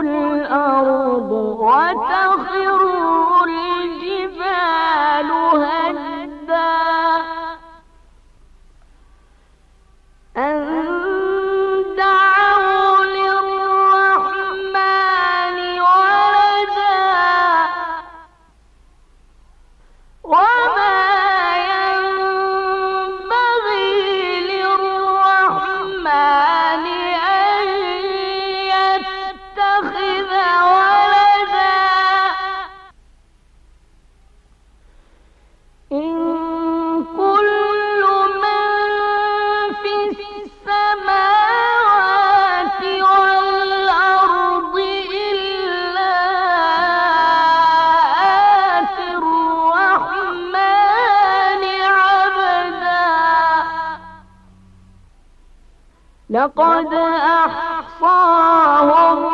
الأرض وتخر الجبال هدى قد أحصاهم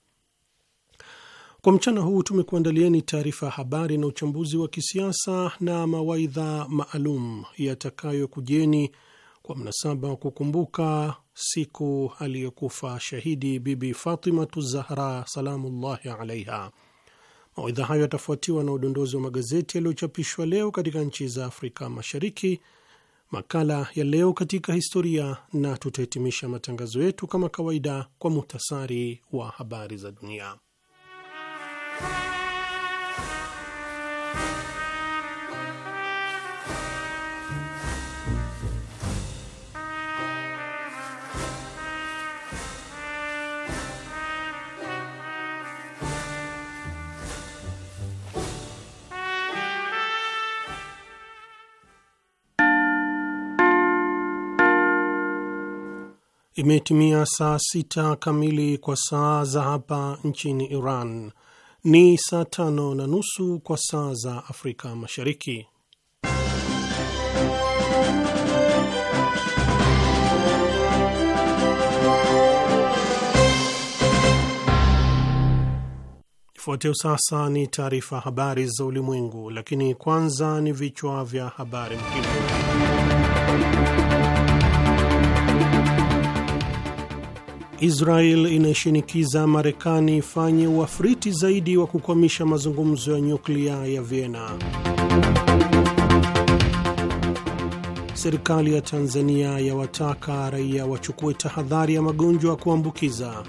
Kwa mchana huu tumekuandalieni taarifa ya habari na uchambuzi wa kisiasa na mawaidha maalum yatakayokujeni kwa mnasaba wa kukumbuka siku aliyokufa shahidi Bibi Fatimatu Zahra salamullahi alaiha. Mawaidha hayo yatafuatiwa na udondozi wa magazeti yaliyochapishwa leo katika nchi za Afrika Mashariki, makala ya leo katika historia, na tutahitimisha matangazo yetu kama kawaida kwa muhtasari wa habari za dunia. Imetimia saa sita kamili kwa saa za hapa nchini Iran, ni saa tano na nusu kwa saa za Afrika Mashariki. Ifuatio sasa ni taarifa habari za ulimwengu, lakini kwanza ni vichwa vya habari muhimu. Israel inaishinikiza Marekani ifanye uafriti zaidi wa kukwamisha mazungumzo ya nyuklia ya Vienna. Serikali ya Tanzania yawataka raia wachukue tahadhari ya magonjwa ya kuambukiza.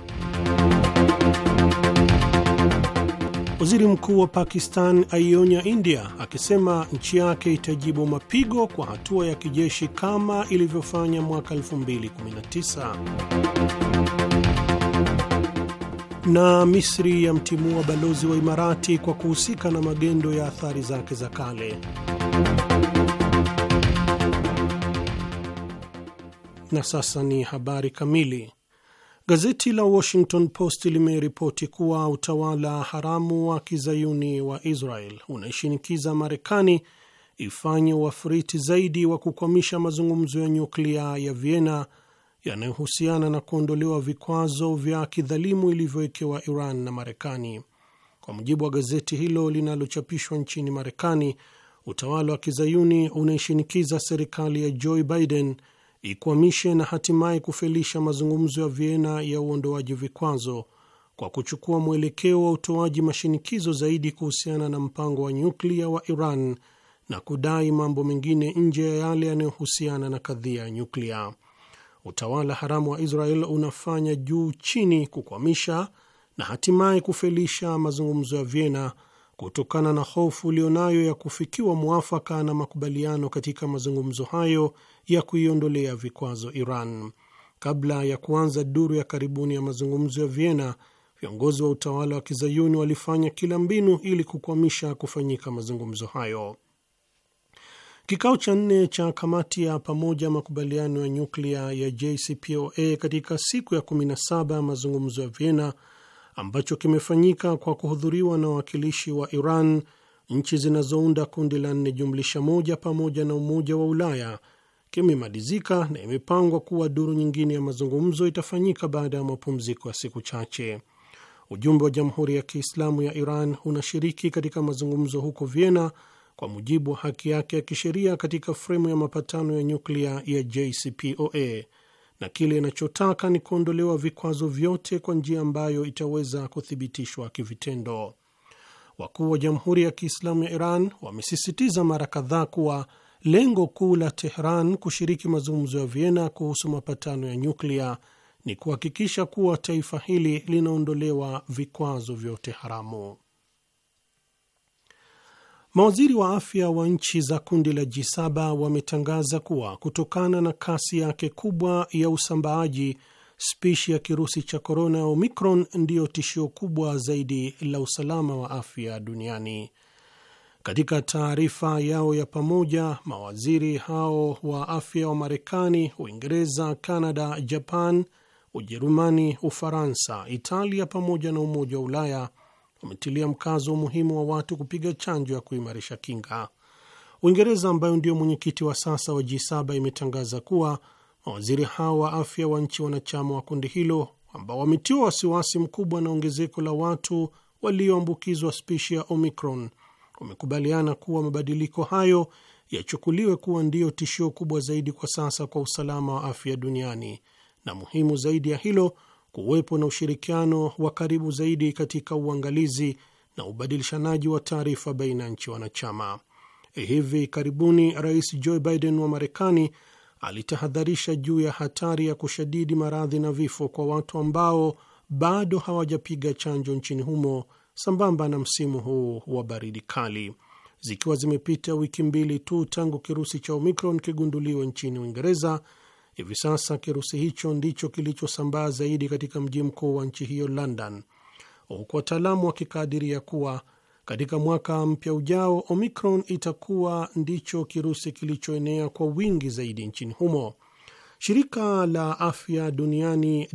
Waziri mkuu wa Pakistan aionya India akisema nchi yake itajibu mapigo kwa hatua ya kijeshi kama ilivyofanya mwaka 2019 na Misri yamtimua balozi wa Imarati kwa kuhusika na magendo ya athari zake za kale. Na sasa ni habari kamili. Gazeti la Washington Post limeripoti kuwa utawala haramu wa kizayuni wa Israel unaishinikiza Marekani ifanye uafriti zaidi wa kukwamisha mazungumzo ya nyuklia ya Vienna yanayohusiana na kuondolewa vikwazo vya kidhalimu ilivyowekewa Iran na Marekani. Kwa mujibu wa gazeti hilo linalochapishwa nchini Marekani, utawala wa kizayuni unaishinikiza serikali ya Joe Biden ikwamishe na hatimaye kufelisha mazungumzo ya Vienna ya uondoaji vikwazo kwa kuchukua mwelekeo wa utoaji mashinikizo zaidi kuhusiana na mpango wa nyuklia wa Iran na kudai mambo mengine nje ya yale yanayohusiana na kadhia ya nyuklia utawala haramu wa Israel unafanya juu chini kukwamisha na hatimaye kufelisha mazungumzo ya Vienna kutokana na hofu ulionayo ya kufikiwa mwafaka na makubaliano katika mazungumzo hayo ya kuiondolea vikwazo Iran. Kabla ya kuanza duru ya karibuni ya mazungumzo ya Vienna, viongozi wa utawala wa kizayuni walifanya kila mbinu ili kukwamisha kufanyika mazungumzo hayo. Kikao cha nne cha kamati ya pamoja makubaliano ya nyuklia ya JCPOA katika siku ya 17 ya mazungumzo ya Vienna ambacho kimefanyika kwa kuhudhuriwa na wawakilishi wa Iran, nchi zinazounda kundi la nne jumlisha moja pamoja na Umoja wa Ulaya kimemalizika na imepangwa kuwa duru nyingine ya mazungumzo itafanyika baada ya mapumziko ya siku chache. Ujumbe wa Jamhuri ya Kiislamu ya Iran unashiriki katika mazungumzo huko Vienna kwa mujibu wa haki yake ya kisheria katika fremu ya mapatano ya nyuklia ya JCPOA na kile inachotaka ni kuondolewa vikwazo vyote kwa njia ambayo itaweza kuthibitishwa kivitendo. Wakuu wa Jamhuri ya Kiislamu ya Iran wamesisitiza mara kadhaa kuwa lengo kuu la Tehran kushiriki mazungumzo ya Vienna kuhusu mapatano ya nyuklia ni kuhakikisha kuwa taifa hili linaondolewa vikwazo vyote haramu. Mawaziri wa afya wa nchi za kundi la G7 wametangaza kuwa kutokana na kasi yake kubwa ya usambaaji, spishi ya kirusi cha korona ya Omicron ndiyo tishio kubwa zaidi la usalama wa afya duniani. Katika taarifa yao ya pamoja, mawaziri hao wa afya wa Marekani, Uingereza, Kanada, Japan, Ujerumani, Ufaransa, Italia pamoja na Umoja wa Ulaya wametilia mkazo umuhimu wa watu kupiga chanjo ya kuimarisha kinga. Uingereza ambayo ndio mwenyekiti wa sasa wa G7 imetangaza kuwa mawaziri hao wa afya wa nchi wanachama wa kundi hilo ambao wametiwa wasiwasi mkubwa na ongezeko la watu walioambukizwa spishi ya Omicron wamekubaliana kuwa mabadiliko hayo yachukuliwe kuwa ndiyo tishio kubwa zaidi kwa sasa kwa usalama wa afya duniani, na muhimu zaidi ya hilo kuwepo na ushirikiano wa karibu zaidi katika uangalizi na ubadilishanaji wa taarifa baina ya nchi wanachama. Hivi karibuni Rais Joe Biden wa Marekani alitahadharisha juu ya hatari ya kushadidi maradhi na vifo kwa watu ambao bado hawajapiga chanjo nchini humo, sambamba na msimu huu wa baridi kali. Zikiwa zimepita wiki mbili tu tangu kirusi cha Omicron kigunduliwe nchini Uingereza, Hivi sasa kirusi hicho ndicho kilichosambaa zaidi katika mji mkuu wa nchi hiyo London, huku wataalamu wakikadiria kuwa katika mwaka mpya ujao Omicron itakuwa ndicho kirusi kilichoenea kwa wingi zaidi nchini humo. Shirika la afya duniani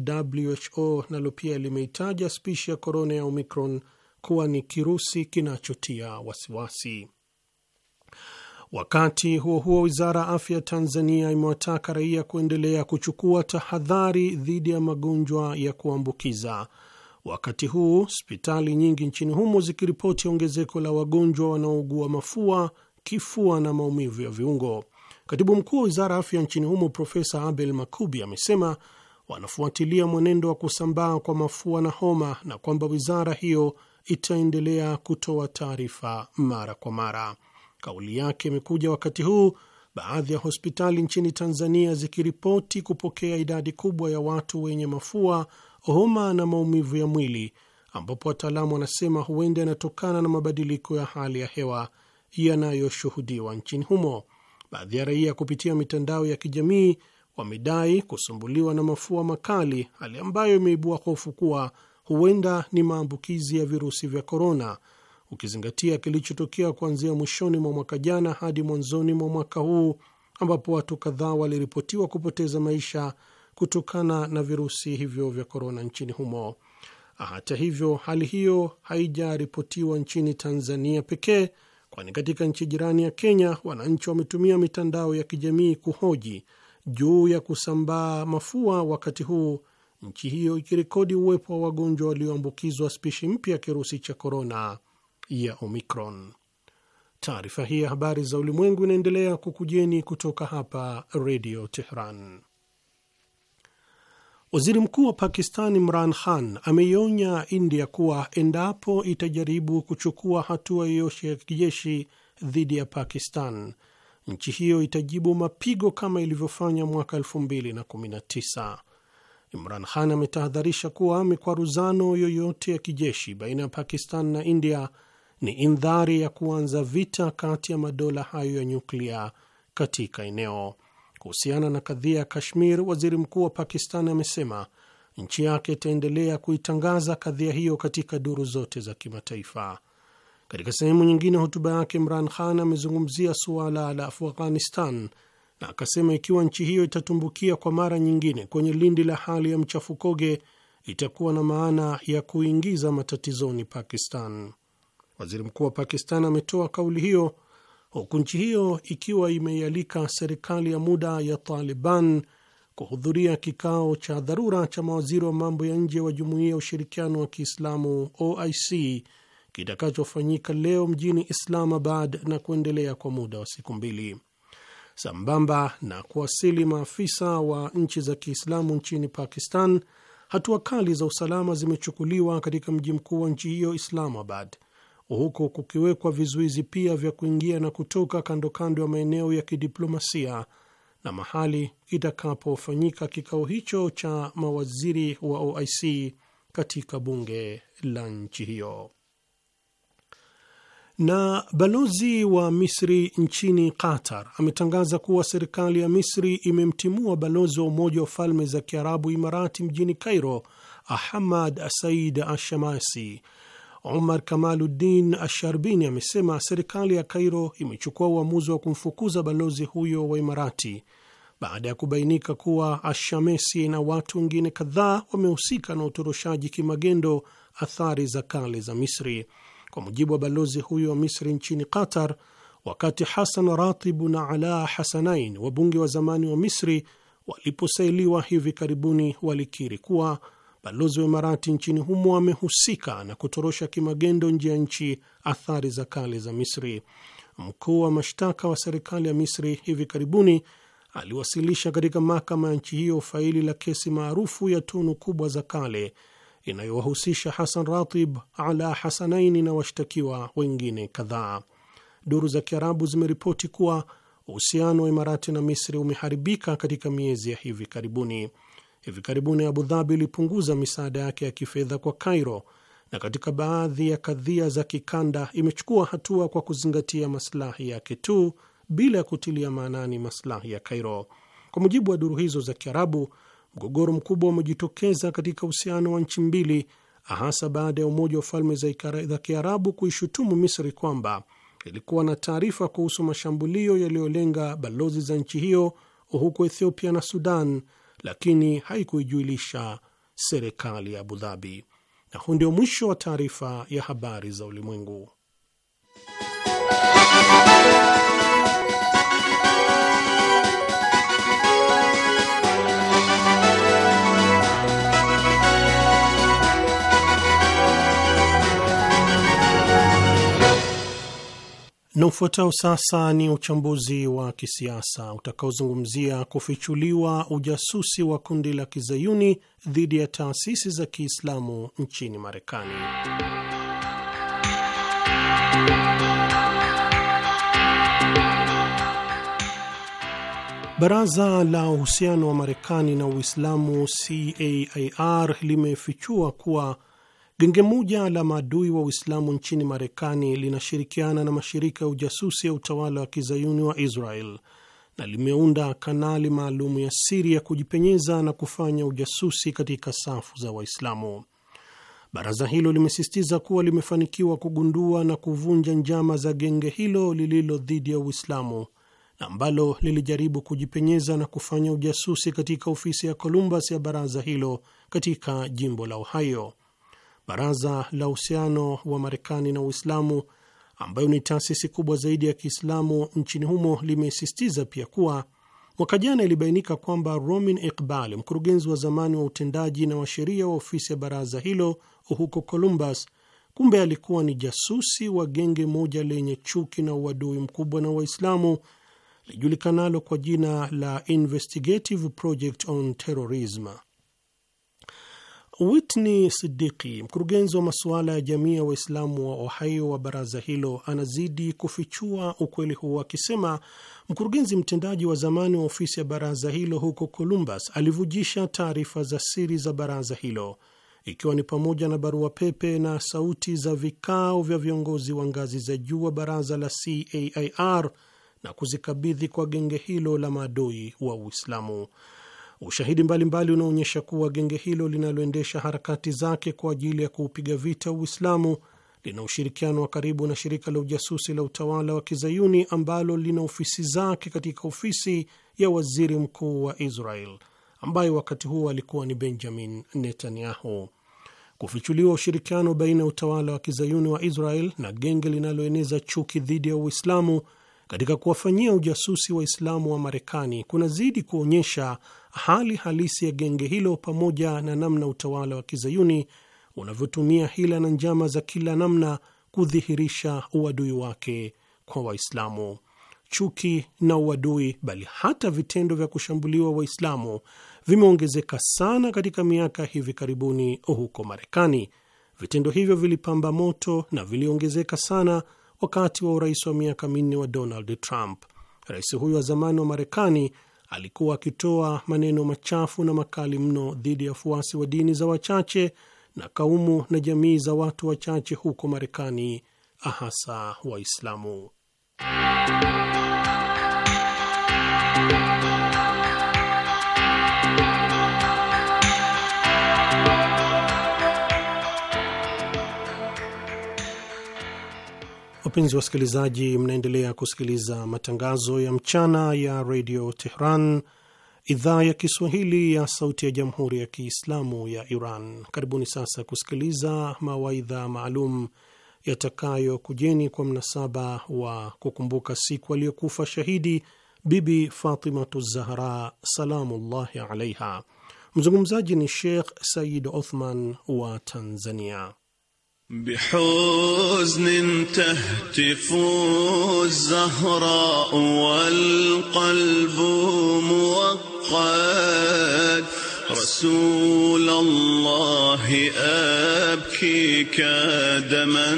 WHO nalo pia limeitaja spishi ya korona ya Omicron kuwa ni kirusi kinachotia wasiwasi. Wakati huo huo, wizara ya afya Tanzania imewataka raia kuendelea kuchukua tahadhari dhidi ya magonjwa ya kuambukiza, wakati huu hospitali nyingi nchini humo zikiripoti ongezeko la wagonjwa wanaougua mafua, kifua na maumivu ya viungo. Katibu mkuu wa wizara ya afya nchini humo Profesa Abel Makubi amesema wanafuatilia mwenendo wa kusambaa kwa mafua na homa na kwamba wizara hiyo itaendelea kutoa taarifa mara kwa mara. Kauli yake imekuja wakati huu baadhi ya hospitali nchini Tanzania zikiripoti kupokea idadi kubwa ya watu wenye mafua, homa na maumivu ya mwili, ambapo wataalamu wanasema huenda yanatokana na mabadiliko ya hali ya hewa yanayoshuhudiwa nchini humo. Baadhi ya raia kupitia mitandao ya kijamii wamedai kusumbuliwa na mafua makali, hali ambayo imeibua hofu kuwa huenda ni maambukizi ya virusi vya korona ukizingatia kilichotokea kuanzia mwishoni mwa mwaka jana hadi mwanzoni mwa mwaka huu ambapo watu kadhaa waliripotiwa kupoteza maisha kutokana na virusi hivyo vya korona nchini humo. Hata hivyo, hali hiyo haijaripotiwa nchini Tanzania pekee, kwani katika nchi jirani ya Kenya wananchi wametumia mitandao ya kijamii kuhoji juu ya kusambaa mafua, wakati huu nchi hiyo ikirekodi uwepo wa wagonjwa walioambukizwa spishi mpya ya kirusi cha korona ya Omicron. Taarifa hii ya habari za ulimwengu inaendelea kukujeni kutoka hapa Redio Tehran. Waziri mkuu wa Pakistan Imran Khan ameionya India kuwa endapo itajaribu kuchukua hatua yoyote ya kijeshi dhidi ya Pakistan, nchi hiyo itajibu mapigo kama ilivyofanya mwaka 2019. Imran Khan ametahadharisha kuwa mikwaruzano yoyote ya kijeshi baina ya Pakistan na India ni indhari ya kuanza vita kati ya madola hayo ya nyuklia katika eneo. Kuhusiana na kadhia ya Kashmir, waziri mkuu wa Pakistan amesema nchi yake itaendelea kuitangaza kadhia hiyo katika duru zote za kimataifa. Katika sehemu nyingine hotuba yake, Imran Khan amezungumzia suala la Afghanistan na akasema ikiwa nchi hiyo itatumbukia kwa mara nyingine kwenye lindi la hali ya mchafukoge itakuwa na maana ya kuingiza matatizoni Pakistan. Waziri mkuu wa Pakistan ametoa kauli hiyo huku nchi hiyo ikiwa imeialika serikali ya muda ya Taliban kuhudhuria kikao cha dharura cha mawaziri wa mambo ya nje wa Jumuiya ya Ushirikiano wa Kiislamu OIC kitakachofanyika leo mjini Islamabad na kuendelea kwa muda wa siku mbili. Sambamba na kuwasili maafisa wa nchi za Kiislamu nchini Pakistan, hatua kali za usalama zimechukuliwa katika mji mkuu wa nchi hiyo Islamabad huku kukiwekwa vizuizi pia vya kuingia na kutoka kando kando ya maeneo ya kidiplomasia na mahali itakapofanyika kikao hicho cha mawaziri wa OIC katika bunge la nchi hiyo. Na balozi wa Misri nchini Qatar ametangaza kuwa serikali ya Misri imemtimua balozi wa Umoja wa Falme za Kiarabu Imarati mjini Cairo, Ahmad Said Ashamasi Omar Kamaluddin Asharbini amesema serikali ya Kairo imechukua uamuzi wa kumfukuza balozi huyo wa Imarati baada ya kubainika kuwa Ashamesi na watu wengine kadhaa wamehusika na utoroshaji kimagendo athari za kale za Misri. Kwa mujibu wa balozi huyo wa Misri nchini Qatar, wakati Hasan Ratibu na Ala Hasanain, wabunge wa zamani wa Misri, waliposailiwa hivi karibuni, walikiri kuwa balozi wa Imarati nchini humo amehusika na kutorosha kimagendo nje ya nchi athari za kale za Misri. Mkuu wa mashtaka wa serikali ya Misri hivi karibuni aliwasilisha katika mahakama ya nchi hiyo faili la kesi maarufu ya tunu kubwa za kale inayowahusisha Hasan Ratib, Ala Hasanaini na washtakiwa wengine kadhaa. Duru za Kiarabu zimeripoti kuwa uhusiano wa Imarati na Misri umeharibika katika miezi ya hivi karibuni. Hivi karibuni Abu Dhabi ilipunguza misaada yake ya kifedha kwa Cairo na katika baadhi ya kadhia za kikanda imechukua hatua kwa kuzingatia maslahi yake tu bila ya kutilia maanani maslahi ya Cairo. Kwa mujibu wa duru hizo za Kiarabu, mgogoro mkubwa umejitokeza katika uhusiano wa nchi mbili, hasa baada ya Umoja wa Falme za Kiarabu kuishutumu Misri kwamba ilikuwa na taarifa kuhusu mashambulio yaliyolenga balozi za nchi hiyo huko Ethiopia na Sudan lakini haikuijulisha serikali ya Abu Dhabi. Na huu ndio mwisho wa taarifa ya habari za ulimwengu. Na ufuatao sasa ni uchambuzi wa kisiasa utakaozungumzia kufichuliwa ujasusi wa kundi la kizayuni dhidi ya taasisi za Kiislamu nchini Marekani. Baraza la uhusiano wa Marekani na Uislamu CAIR limefichua kuwa Genge moja la maadui wa Uislamu nchini Marekani linashirikiana na mashirika ya ujasusi ya utawala wa kizayuni wa Israel na limeunda kanali maalumu ya siri ya kujipenyeza na kufanya ujasusi katika safu za Waislamu. Baraza hilo limesisitiza kuwa limefanikiwa kugundua na kuvunja njama za genge hilo lililo dhidi ya Uislamu ambalo lilijaribu kujipenyeza na kufanya ujasusi katika ofisi ya Columbus ya baraza hilo katika jimbo la Ohio. Baraza la Uhusiano wa Marekani na Uislamu, ambayo ni taasisi kubwa zaidi ya Kiislamu nchini humo, limesisitiza pia kuwa mwaka jana ilibainika kwamba Romin Iqbal, mkurugenzi wa zamani wa utendaji na wa sheria wa ofisi ya baraza hilo huko Columbus, kumbe alikuwa ni jasusi wa genge moja lenye chuki na uadui mkubwa na Waislamu lijulikanalo kwa jina la Investigative Project on Terrorism. Whitney sidiki mkurugenzi wa masuala ya jamii ya Waislamu wa Ohio wa baraza hilo, anazidi kufichua ukweli huo akisema mkurugenzi mtendaji wa zamani wa ofisi ya baraza hilo huko Columbus alivujisha taarifa za siri za baraza hilo ikiwa ni pamoja na barua pepe na sauti za vikao vya viongozi wa ngazi za juu wa baraza la CAIR na kuzikabidhi kwa genge hilo la maadui wa Uislamu. Ushahidi mbalimbali unaonyesha kuwa genge hilo linaloendesha harakati zake kwa ajili ya kuupiga vita Uislamu lina ushirikiano wa karibu na shirika la ujasusi la utawala wa kizayuni ambalo lina ofisi zake katika ofisi ya waziri mkuu wa Israel ambaye wakati huo alikuwa ni Benjamin Netanyahu. Kufichuliwa ushirikiano baina ya utawala wa kizayuni wa Israel na genge linaloeneza chuki dhidi ya Uislamu katika kuwafanyia ujasusi Waislamu wa Marekani kunazidi kuonyesha hali halisi ya genge hilo pamoja na namna utawala wa kizayuni unavyotumia hila na njama za kila namna kudhihirisha uadui wake kwa Waislamu. Chuki na uadui, bali hata vitendo vya kushambuliwa Waislamu vimeongezeka sana katika miaka hivi karibuni huko Marekani. Vitendo hivyo vilipamba moto na viliongezeka sana wakati wa urais wa miaka minne wa Donald Trump. Rais huyo wa zamani wa Marekani alikuwa akitoa maneno machafu na makali mno dhidi ya wafuasi wa dini za wachache na kaumu na jamii za watu wachache huko Marekani, hasa Waislamu. Wapenzi wasikilizaji, mnaendelea kusikiliza matangazo ya mchana ya redio Tehran, idhaa ya Kiswahili ya sauti ya jamhuri ya Kiislamu ya Iran. Karibuni sasa kusikiliza mawaidha maalum yatakayokujeni kwa mnasaba wa kukumbuka siku aliyokufa shahidi Bibi Fatimatu Zahra salamullahi alaiha. Mzungumzaji ni Sheikh Said Othman wa Tanzania. بحزن تهتف الزهراء والقلب موقد رسول الله أبكيك دما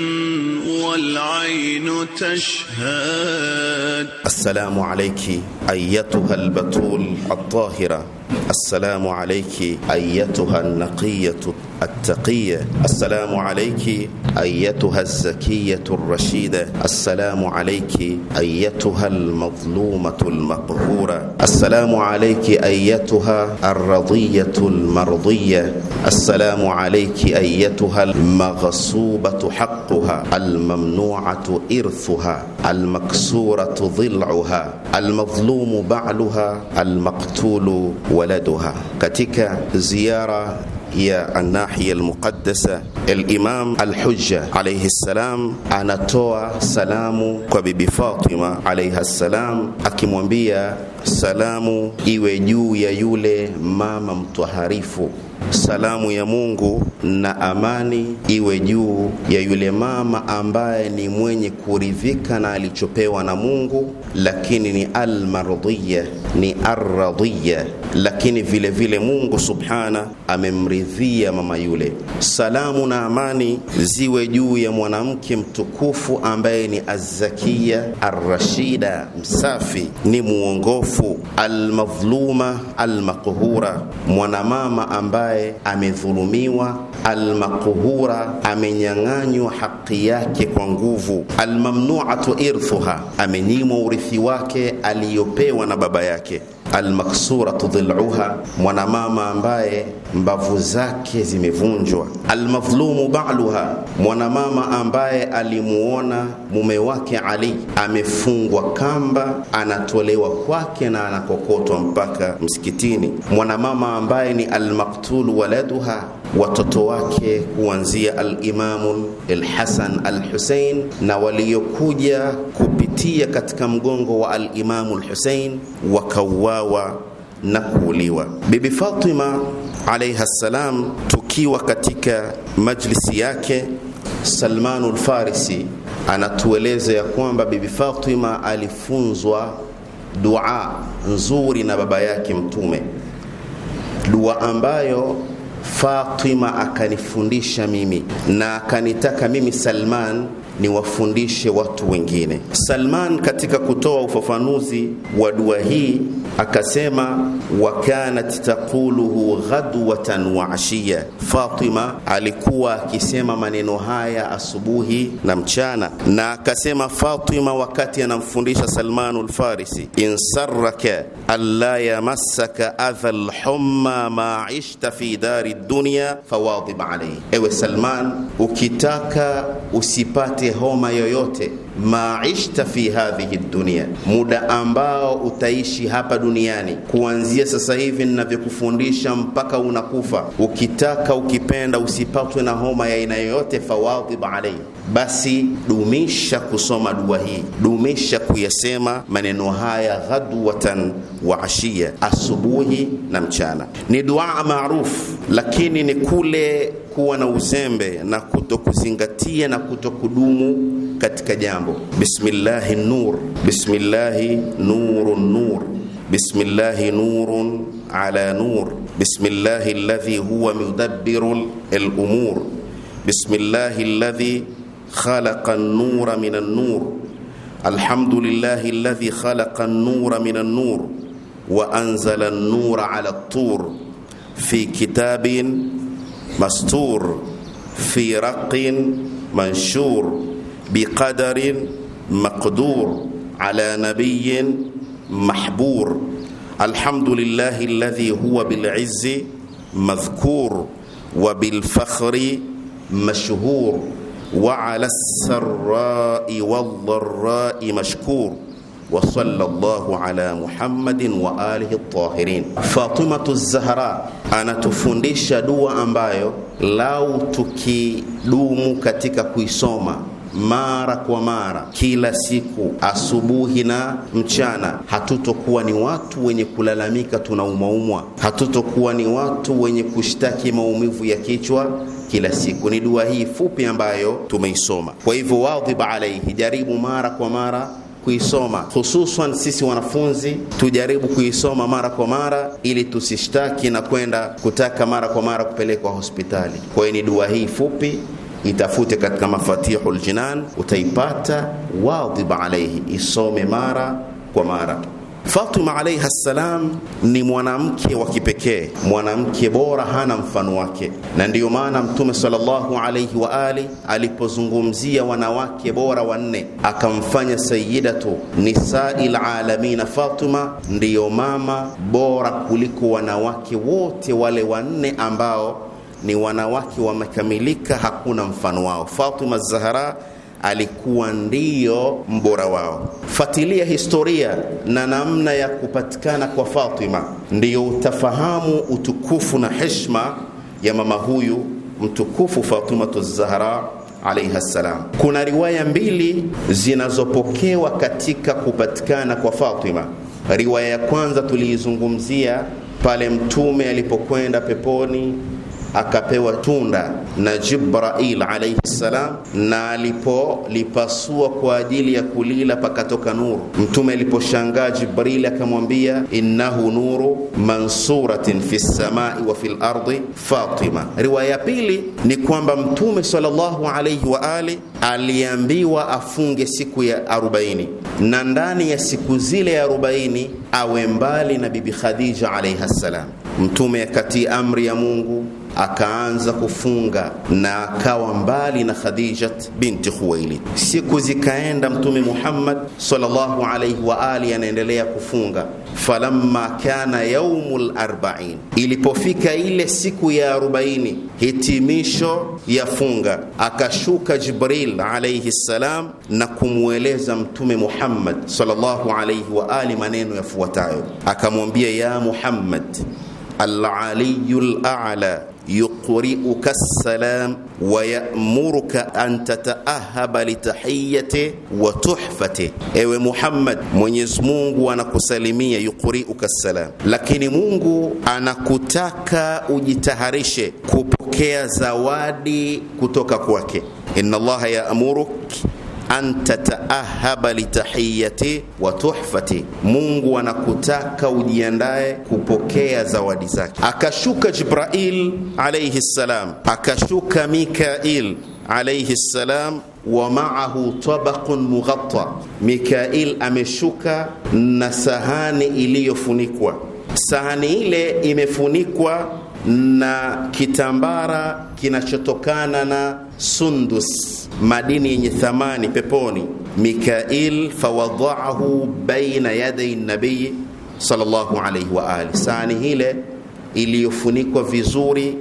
والعين تشهد السلام عليك أيتها البتول الطاهرة السلام عليك أيتها النقية التقية السلام عليك أيتها الزكية الرشيدة السلام عليك أيتها المظلومة المقهورة السلام عليك أيتها الرضية المرضية السلام عليك أيتها المغصوبة حقها الممنوعة إرثها المكسورة ضلعها المظلوم بعلها المقتول و ولدها كتك زيارة يا الناحية المقدسة الإمام الحجة عليه السلام أنا توا سلام كبيبي فاطمة عليها السلام أكيم salamu iwe juu ya yule mama mtwaharifu salamu ya Mungu na amani iwe juu ya yule mama ambaye ni mwenye kuridhika na alichopewa na Mungu, lakini ni almardhiya, ni arradhiya, lakini vile vile Mungu subhana amemridhia mama yule. Salamu na amani ziwe juu ya mwanamke mtukufu ambaye ni azzakia arrashida, msafi, ni muongofu dhaifu, almadhluma almaqhura, mwanamama ambaye amedhulumiwa, almaqhura, amenyang'anywa haki yake kwa nguvu, almamnuatu irthuha, amenyimwa urithi wake aliyopewa na baba yake almaksuratu dhiluha, mwanamama ambaye mbavu zake zimevunjwa. Almadhlumu ba'luha, mwanamama ambaye alimuona mume wake Ali amefungwa kamba, anatolewa kwake na anakokotwa mpaka msikitini. Mwanamama ambaye ni almaktulu waladuha watoto wake kuanzia al-Imamu al-Hasan al-Hussein na waliokuja kupitia katika mgongo wa al-Imamu al-Hussein wakauawa na kuuliwa. Bibi Fatima alayha salam, tukiwa katika majlisi yake, salmanu Farisi anatueleza ya kwamba Bibi Fatima alifunzwa dua nzuri na baba yake Mtume, dua ambayo Fatima akanifundisha mimi na akanitaka mimi Salman ni wafundishe watu wengine. Salman katika kutoa ufafanuzi wa dua hii akasema, wa kanat taquluhu ghadwatan wa ashiya, Fatima alikuwa akisema maneno haya asubuhi na mchana. Na akasema Fatima wakati anamfundisha salmanu Farisi, insarraka alla yamassaka adha lhumma ma ishta fi dari dunya fawadhib alayhi, ewe Salman, ukitaka usipate homa yoyote maishta fi hadhihi dunia, muda ambao utaishi hapa duniani, kuanzia sasa hivi ninavyokufundisha mpaka unakufa. Ukitaka ukipenda, usipatwe na homa ya aina yoyote, fawadhib alayhi basi dumisha kusoma dua hii, dumisha kuyasema maneno haya ghadwatan wa ashia, asubuhi na mchana. Ni dua maarufu, lakini ni kule kuwa na uzembe na kutokuzingatia na kutokudumu katika jambo صاحبه بسم الله النور بسم الله نور النور بسم الله نور على نور بسم الله الذي هو مدبر الأمور بسم الله الذي خلق النور من النور الحمد لله الذي خلق النور من النور وأنزل النور على الطور في كتاب مستور في رق منشور بقدر مقدور على نبي محبور الحمد لله الذي هو بالعز مذكور وبالفخر مشهور وعلى السراء والضراء مشكور وصلى الله على محمد وآله الطاهرين فاطمة الزهراء أنا دوا أمبايو ambayo تكي دومو كتك كويسوما mara kwa mara, kila siku, asubuhi na mchana. Hatutokuwa ni watu wenye kulalamika tunaumaumwa, hatutokuwa ni watu wenye kushtaki maumivu ya kichwa kila siku. Ni dua hii fupi ambayo tumeisoma. Kwa hivyo, wadhib alaihi, jaribu mara kwa mara kuisoma hususan sisi wanafunzi tujaribu kuisoma mara kwa mara, ili tusishtaki na kwenda kutaka mara kwa mara kupelekwa hospitali. Kwa hiyo ni dua hii fupi itafute katika mafatihul jinan, utaipata wadhiba alaihi, isome mara kwa mara. Fatima alaihi salam ni mwanamke wa kipekee, mwanamke bora, hana mfano wake, na ndiyo maana Mtume sallallahu alaihi wa ali alipozungumzia wanawake bora wanne akamfanya sayyidatu nisail lalamina Fatima ndiyo mama bora kuliko wanawake wote wale wanne ambao ni wanawake wamekamilika, hakuna mfano wao. Fatima Zahara alikuwa ndiyo mbora wao. Fatilia historia na namna ya kupatikana kwa Fatima, ndiyo utafahamu utukufu na heshima ya mama huyu mtukufu Fatimatu Zahra alaiha salam. Kuna riwaya mbili zinazopokewa katika kupatikana kwa Fatima. Riwaya ya kwanza tuliizungumzia pale Mtume alipokwenda peponi akapewa tunda na Jibrail alayhi salam, na alipolipasua kwa ajili ya kulila pakatoka nuru. Mtume aliposhangaa, Jibrail akamwambia, innahu nuru mansuratin fi samai wa fil ardi Fatima. Riwaya ya pili ni kwamba Mtume sallallahu alayhi wa ali aliambiwa afunge siku ya arobaini na ndani ya siku zile ya arobaini awe mbali na Bibi Khadija alayha salam. Mtume akatii amri ya Mungu akaanza kufunga na akawa mbali na Khadijat binti Khuwailid. Siku zikaenda, Mtume Muhammad sallallahu alayhi wa ali anaendelea kufunga. Falamma kana yaumul arba'in, ilipofika ile siku ya arobaini, hitimisho ya funga, akashuka Jibril alayhi salam na kumweleza Mtume Muhammad sallallahu alayhi wa ali maneno yafuatayo, akamwambia ya Muhammad Al-Aliyyul A'la yuqri'uka salam wa ya'muruka an tataahaba litahiyyati wa tuhfati, ewe Muhammad, Mwenyezi Mungu anakusalimia yuqri'uka salam, lakini Mungu anakutaka ujitaharishe kupokea zawadi kutoka kwake. Inna Allaha ya'muruka an tataahaba litahiyati wa tuhfati, Mungu anakutaka ujiandae kupokea zawadi zake. Akashuka Jibrail alayhi salam, akashuka Mikail alayhi salam wa ma'ahu tabaqun mughatta, Mikail ameshuka na sahani iliyofunikwa. Sahani ile imefunikwa na kitambara kinachotokana na sundus, madini yenye thamani peponi. Mikail fawadaahu baina yadai nabii sallallahu alaihi wa ali, sahani hile iliyofunikwa vizuri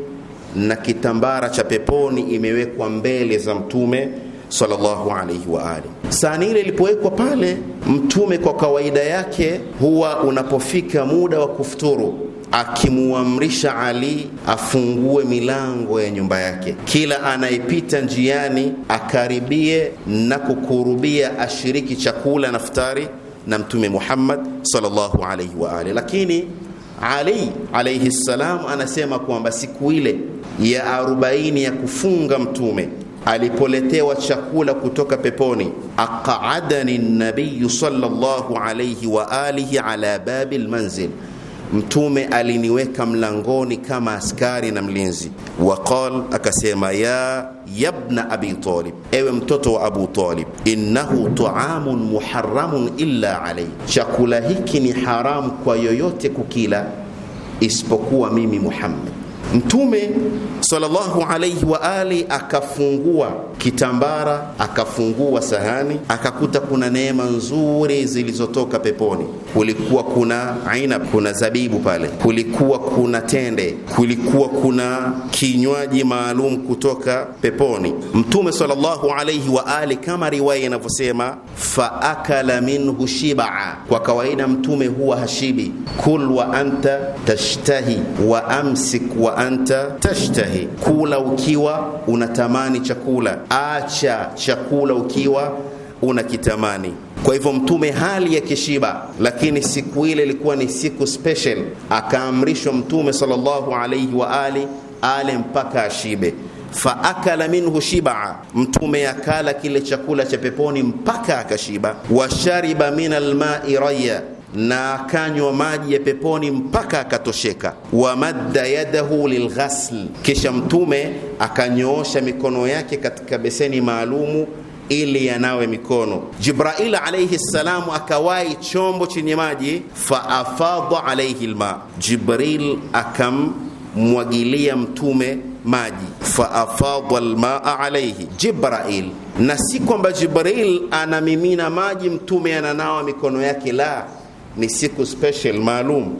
na kitambara cha peponi imewekwa mbele za mtume sallallahu alaihi wa ali. Sahani ile ilipowekwa pale, mtume kwa kawaida yake huwa unapofika muda wa kufuturu akimuamrisha Ali afungue milango ya nyumba yake, kila anayepita njiani akaribie na kukurubia ashiriki chakula na futari na Mtume Muhammad sallallahu alayhi wa alihi. Lakini Ali alayhi salam anasema kwamba siku ile ya arobaini ya kufunga Mtume alipoletewa chakula kutoka peponi, aqadani nabiyu sallallahu alayhi wa alihi ala babil manzil Mtume aliniweka mlangoni kama askari na mlinzi. Waqal, akasema ya yabna abi Talib, ewe mtoto wa Abu Talib, innahu taamun muharramun illa alayhi, chakula hiki ni haramu kwa yoyote kukila isipokuwa mimi Muhammad. Mtume sallallahu alayhi wa ali akafungua kitambara, akafungua sahani, akakuta kuna neema nzuri zilizotoka peponi kulikuwa kuna aina, kuna zabibu pale, kulikuwa kuna tende, kulikuwa kuna kinywaji maalum kutoka peponi. Mtume sallallahu alayhi wa ali, kama riwaya inavyosema, fa akala minhu shibaa. Kwa kawaida mtume huwa hashibi. Kul wa anta tashtahi wa amsik wa anta tashtahi, kula ukiwa unatamani chakula, acha chakula ukiwa unakitamani. Kwa hivyo Mtume hali ya kishiba, lakini siku ile ilikuwa ni siku special, akaamrishwa Mtume sallallahu alayhi wa ali ale mpaka ashibe. fa akala minhu shibaa, Mtume akala kile chakula cha peponi mpaka akashiba. Washariba min almai raya, na akanywa maji ya peponi mpaka akatosheka. Wamadda yadahu lilghasl, kisha Mtume akanyoosha mikono yake katika beseni maalumu ili yanawe mikono. Jibrail alayhi salamu akawahi chombo chenye maji, fa afadha alayhi alma, Jibril akamwagilia mtume maji fa afadha almaa alayhi Jibrail, na si kwamba Jibrail anamimina maji mtume ananawa mikono yake, la, ni siku special maalum,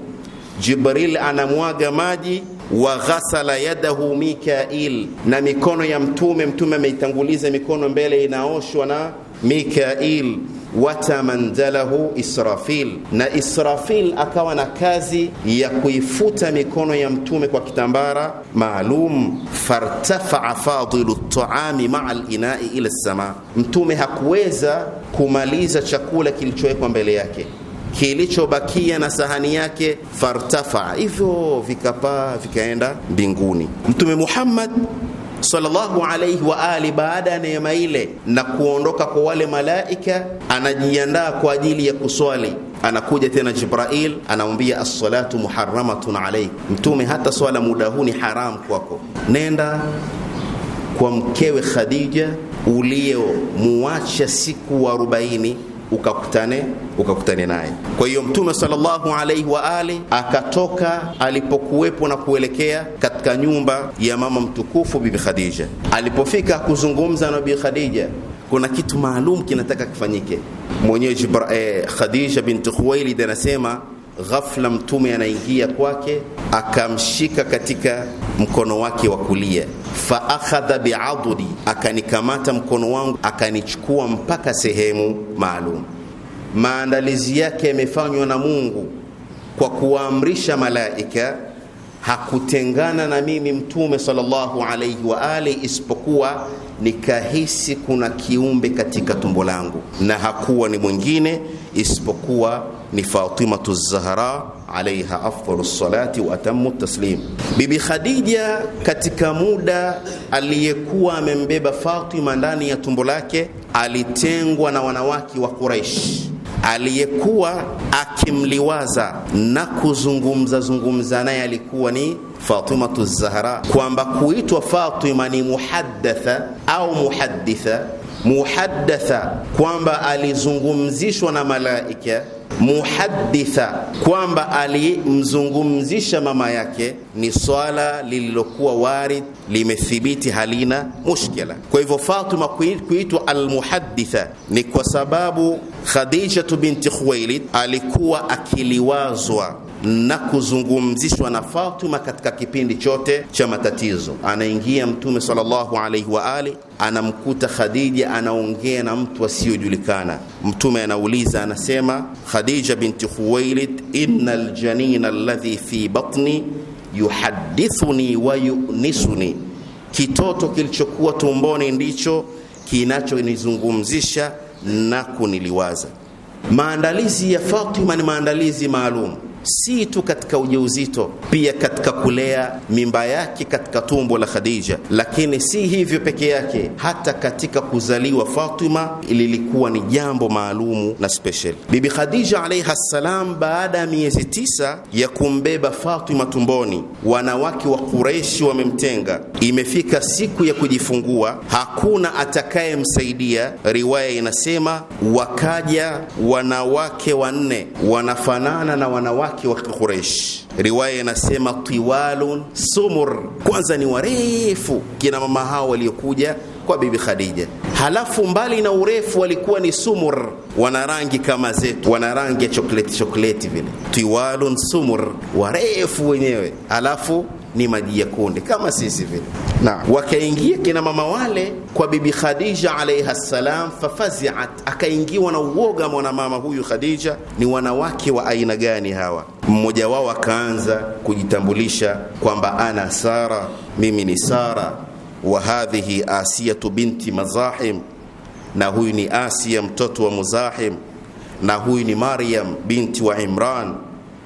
Jibril anamwaga maji wa ghasala yadahu Mikail, na mikono ya mtume, mtume ameitanguliza mikono mbele, inaoshwa na Mikail watamandalahu Israfil, na Israfil akawa na kazi ya kuifuta mikono ya mtume kwa kitambara maalum. Fartafaa fadilu taami maa linai ila lsama, mtume hakuweza kumaliza chakula kilichowekwa mbele yake kilichobakia na sahani yake fartafa, hivyo vikapaa vikaenda mbinguni. Mtume Muhammad sallallahu alaihi wa ali, baada ya neema ile na kuondoka kwa wale malaika, anajiandaa kwa ajili ya kuswali. Anakuja tena Jibrail anamwambia assalatu muharamatun alaik Mtume, hata swala muda huu ni haramu kwako, nenda kwa mkewe Khadija uliyomuacha siku arobaini ukakutane ukakutane naye. Kwa hiyo Mtume sallallahu alaihi wa ali akatoka alipokuwepo na kuelekea katika nyumba ya mama mtukufu Bibi Khadija. Alipofika kuzungumza na Bibi Khadija, kuna kitu maalum kinataka kifanyike. Mwenyewe eh, Khadija binti Khuwailid anasema ghafla mtume anaingia kwake akamshika katika mkono wake wa kulia, fa akhadha bi'adudi, akanikamata mkono wangu akanichukua mpaka sehemu maalum. Maandalizi yake yamefanywa na Mungu kwa kuwaamrisha malaika, hakutengana na mimi mtume sallallahu alayhi wa ali, isipokuwa nikahisi kuna kiumbe katika tumbo langu, na hakuwa ni mwingine isipokuwa ni Fatimatu Zahra alaiha afdalu salati wa atamu taslim. Bibi Khadija katika muda aliyekuwa amembeba Fatima ndani ya tumbo lake alitengwa na wanawake wa Quraish aliyekuwa akimliwaza na kuzungumza zungumza naye alikuwa ni Fatimatu Zahra, kwamba kuitwa Fatima ni muhaddatha au muhadditha. Muhaddatha kwamba alizungumzishwa na malaika muhaditha, kwamba alimzungumzisha mama yake, ni swala lililokuwa warid, limethibiti halina mushkila. Kwa hivyo Fatima kuitwa almuhaditha ni kwa sababu Khadijatu binti Khuwailid alikuwa akiliwazwa na kuzungumzishwa na Fatuma katika kipindi chote cha matatizo. Anaingia Mtume sallallahu alaihi wa ali, anamkuta Khadija anaongea na mtu asiyojulikana. Mtume anauliza, anasema Khadija binti Khuwailid, inna ljanina alladhi fi batni yuhadithuni wa yunisuni, kitoto kilichokuwa tumboni ndicho kinachonizungumzisha na kuniliwaza. Maandalizi ya Fatima ni maandalizi maalum si tu katika ujauzito, pia katika kulea mimba yake katika tumbo la Khadija. Lakini si hivyo peke yake, hata katika kuzaliwa Fatima lilikuwa ni jambo maalumu na special. Bibi Khadija alayha salam, baada ya miezi tisa ya kumbeba Fatima tumboni, wanawake wa Quraishi wamemtenga. Imefika siku ya kujifungua, hakuna atakayemsaidia. Riwaya inasema wakaja wanawake wanne wanafanana na wanawake wake wa Quraysh. Riwaya inasema tiwalun sumur, kwanza ni warefu kina mama hao waliokuja kwa Bibi Khadija. Halafu mbali na urefu walikuwa ni sumur, wana rangi kama zetu, wana rangi ya chokoleti chokoleti vile, tiwalun sumur, warefu wenyewe, halafu ni maji ya kunde kama sisi vile, na wakaingia kina mama wale kwa bibi Khadija alayha salam, fafaziat, akaingiwa na uoga mwanamama huyu Khadija, ni wanawake wa aina gani hawa? Mmoja wao akaanza kujitambulisha kwamba ana Sara, mimi ni Sara, wa hadhihi Asiyatu binti Mazahim, na huyu ni Asiya mtoto wa Muzahim, na huyu ni Maryam binti wa Imran,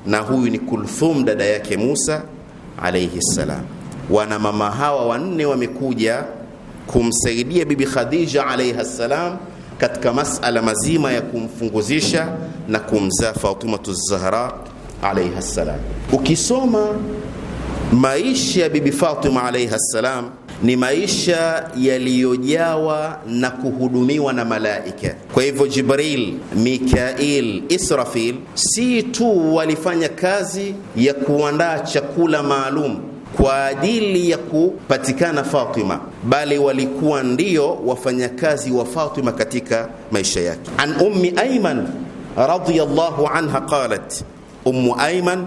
na huyu ni Kulthum dada yake Musa alaihi salam. Wana mama hawa wanne wamekuja kumsaidia Bibi Khadija alaiha salam katika masala mazima ya kumfunguzisha na kumzaa Fatimatu Zahra alaiha salam. Ukisoma maisha ya Bibi Fatima alaiha salam ni maisha yaliyojawa na kuhudumiwa na malaika. Kwa hivyo, Jibril, Mikail, Israfil si tu walifanya kazi ya kuandaa chakula maalum kwa ajili ya kupatikana Fatima, bali walikuwa ndio wafanyakazi wa Fatima katika maisha yake. An ummi Ayman radhiyallahu anha qalat, Ummu Ayman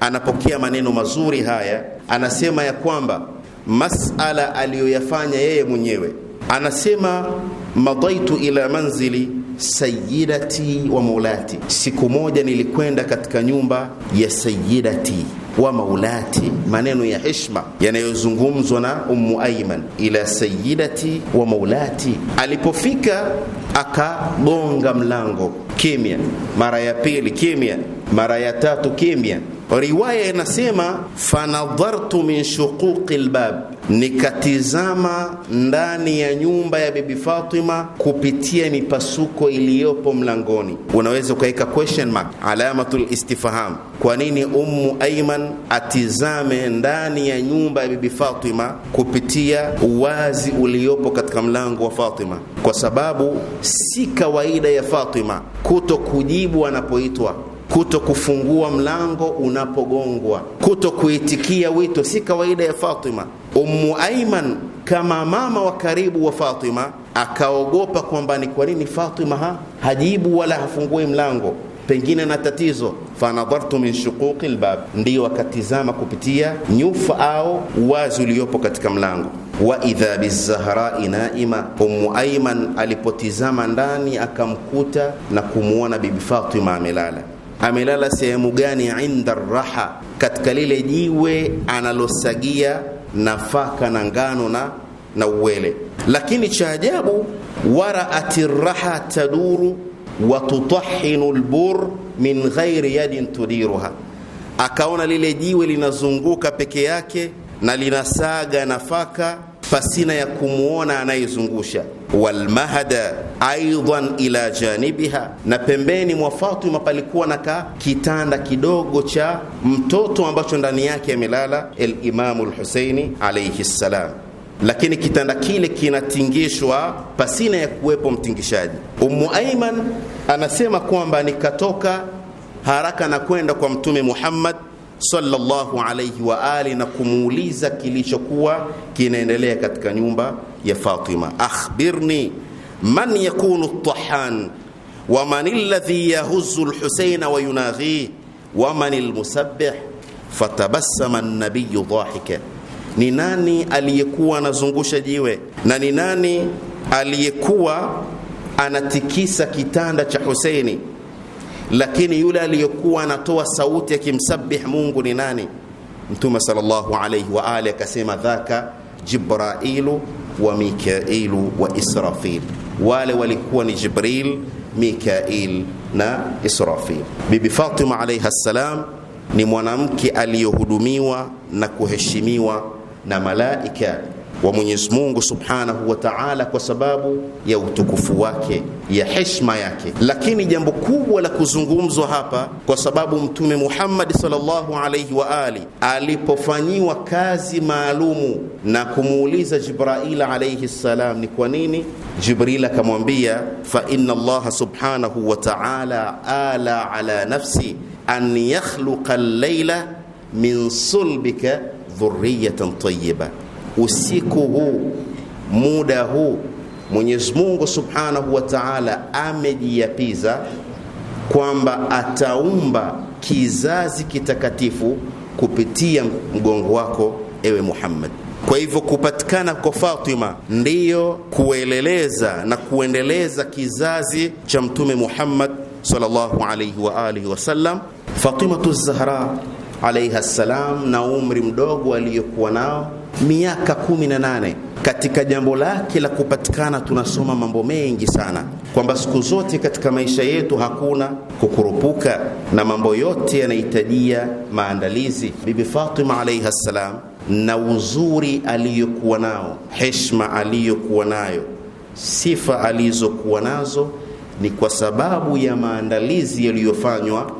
anapokea maneno mazuri haya, anasema ya kwamba masala aliyoyafanya yeye mwenyewe anasema madaitu ila manzili sayidati wa maulati siku moja nilikwenda katika nyumba ya sayidati wa maulati maneno ya heshma yanayozungumzwa na ummu aiman ila sayidati wa maulati alipofika akagonga mlango kimya mara ya pili kimya mara ya tatu kimya Riwaya inasema fanadhartu min shuquqi lbab, nikatizama ndani ya nyumba ya Bibi Fatima kupitia mipasuko iliyopo mlangoni. Unaweza ukaweka question mark, alamatu istifham. Kwa nini Ummu Aiman atizame ndani ya nyumba ya Bibi Fatima kupitia uwazi uliopo katika mlango wa Fatima? Kwa sababu si kawaida ya Fatima kuto kujibu anapoitwa kuto kufungua mlango unapogongwa, kuto kuitikia wito. Si kawaida ya Fatima. Ummu Aiman kama mama wa karibu wa Fatima akaogopa kwamba ni kwa nini Fatima ha? hajibu wala hafungui mlango, pengine na tatizo. Fanadhartu min shuquqi lbab, ndiyo akatizama kupitia nyufa au wazi uliopo katika mlango wa idha bizahrai naima, umu Aiman alipotizama ndani akamkuta na kumwona Bibi Fatima amelala amelala sehemu gani inda raha, katika lile jiwe analosagia nafaka na ngano na na uwele. Lakini cha ajabu, waraati raha taduru wa tutahinu lbur min ghairi yadin tudiruha, akaona lile jiwe linazunguka peke yake na linasaga nafaka fasina ya kumwona anayezungusha. Walmahada aidan ila janibiha, na pembeni mwa Fatuma palikuwa na ka kitanda kidogo cha mtoto ambacho ndani yake amelala Alimamu Lhuseini alaihi ssalam lakini kitanda kile kinatingishwa pasina ya kuwepo mtingishaji. Ummu Aiman anasema kwamba nikatoka haraka na kwenda kwa Mtume Muhammad sallallahu alayhi wa ali na kumuuliza kilichokuwa kinaendelea katika nyumba ya Fatima. Akhbirni man yakunu at-tahan wa man alladhi yahuzzu al-Husayn wa yunaghi wa man al-musabbih fatabassama an-nabiyyu dhahika. Ni nani aliyekuwa anazungusha jiwe na ni nani aliyekuwa anatikisa kitanda cha Husaini lakini yule aliyekuwa anatoa sauti akimsabih Mungu ni nani? Mtume sallallahu alayhi wa alihi akasema, dhaka Jibrailu wa Mikailu wa Israfil, wale walikuwa ni Jibril, Mikail na Israfil. Bibi Fatima alayha salam ni mwanamke aliyohudumiwa na kuheshimiwa na malaika wa Mwenyezi Mungu Subhanahu wa Ta'ala kwa sababu ya utukufu wake, ya heshima yake. Lakini jambo kubwa la kuzungumzwa hapa, kwa sababu Mtume Muhammad sallallahu alayhi wa ali alipofanyiwa kazi maalumu na kumuuliza Jibril alayhi salam, ni kwa nini Jibril akamwambia, fa inna Allah subhanahu wa ta'ala ala ala nafsi an yakhluqa al-layla min sulbika dhurriyatan tayyiba usiku huu muda huu Mwenyezi Mungu Subhanahu wa Ta'ala amejiapiza kwamba ataumba kizazi kitakatifu kupitia mgongo wako ewe Muhammad. Kwa hivyo kupatikana kwa Fatima ndiyo kueleleza na kuendeleza kizazi cha Mtume Muhammad sallallahu alayhi wa alihi wasallam. Fatimatu Zahra alayha salam, na umri mdogo aliyokuwa nao miaka kumi na nane katika jambo lake la kupatikana tunasoma mambo mengi sana, kwamba siku zote katika maisha yetu hakuna kukurupuka na mambo yote yanahitajia maandalizi. Bibi Fatima alaihi ssalam, na uzuri aliyokuwa nao, heshma aliyokuwa nayo, sifa alizokuwa nazo, ni kwa sababu ya maandalizi yaliyofanywa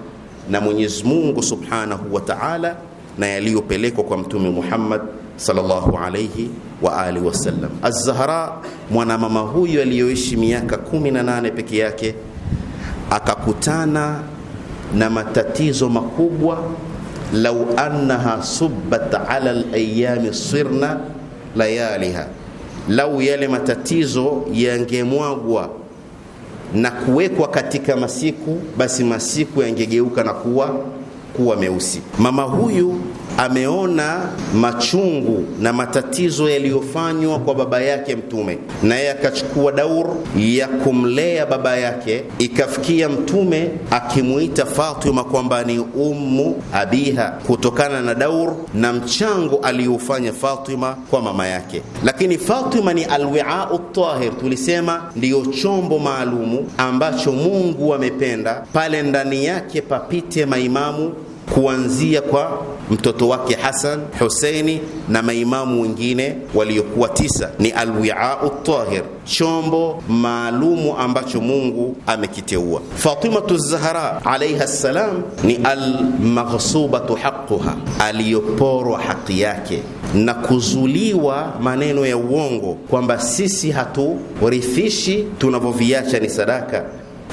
na Mwenyezi Mungu subhanahu wa taala na yaliyopelekwa kwa Mtume Muhammad sallallahu alayhi wa alihi wasallam. Az-Zahra, mwanamama huyu aliyoishi miaka 18 peke yake, akakutana na matatizo makubwa. Lau annaha subbat ala al-ayami sirna layaliha, lau yale matatizo yangemwagwa na kuwekwa katika masiku, basi masiku yangegeuka na kuwa kuwa meusi. Mama huyu ameona machungu na matatizo yaliyofanywa kwa baba yake Mtume, na yeye akachukua daur ya kumlea baba yake. Ikafikia Mtume akimuita Fatima kwamba ni ummu abiha, kutokana na daur na mchango aliyoufanya Fatima kwa mama yake. Lakini Fatima ni alwiau tahir, tulisema ndiyo chombo maalumu ambacho Mungu amependa pale ndani yake papite maimamu kuanzia kwa mtoto wake Hasan, Huseini na maimamu wengine waliokuwa tisa. Ni alwiau tahir, chombo maalumu ambacho Mungu amekiteua. Fatimatu Zahra alaiha salam ni almaghsubatu haquha, aliyoporwa haki yake na kuzuliwa maneno ya uongo kwamba sisi haturithishi tunavyoviacha ni sadaka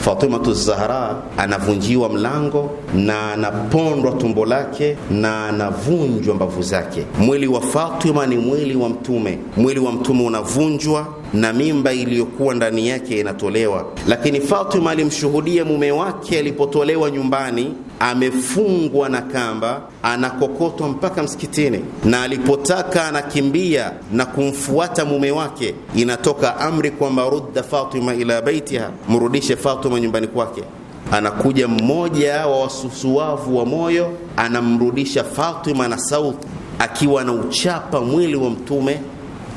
Fatimatu Zahra anavunjiwa mlango na anapondwa tumbo lake na anavunjwa mbavu zake. Mwili wa Fatima ni mwili wa Mtume, mwili wa Mtume unavunjwa na mimba iliyokuwa ndani yake inatolewa. Lakini Fatima alimshuhudia mume wake alipotolewa nyumbani, amefungwa na kamba, anakokotwa mpaka msikitini, na alipotaka anakimbia na kumfuata mume wake, inatoka amri kwamba rudda Fatima ila baitiha, mrudishe Fatima nyumbani kwake. Anakuja mmoja wa wasusuwavu wa moyo, anamrudisha Fatima na sauti, akiwa na uchapa mwili wa Mtume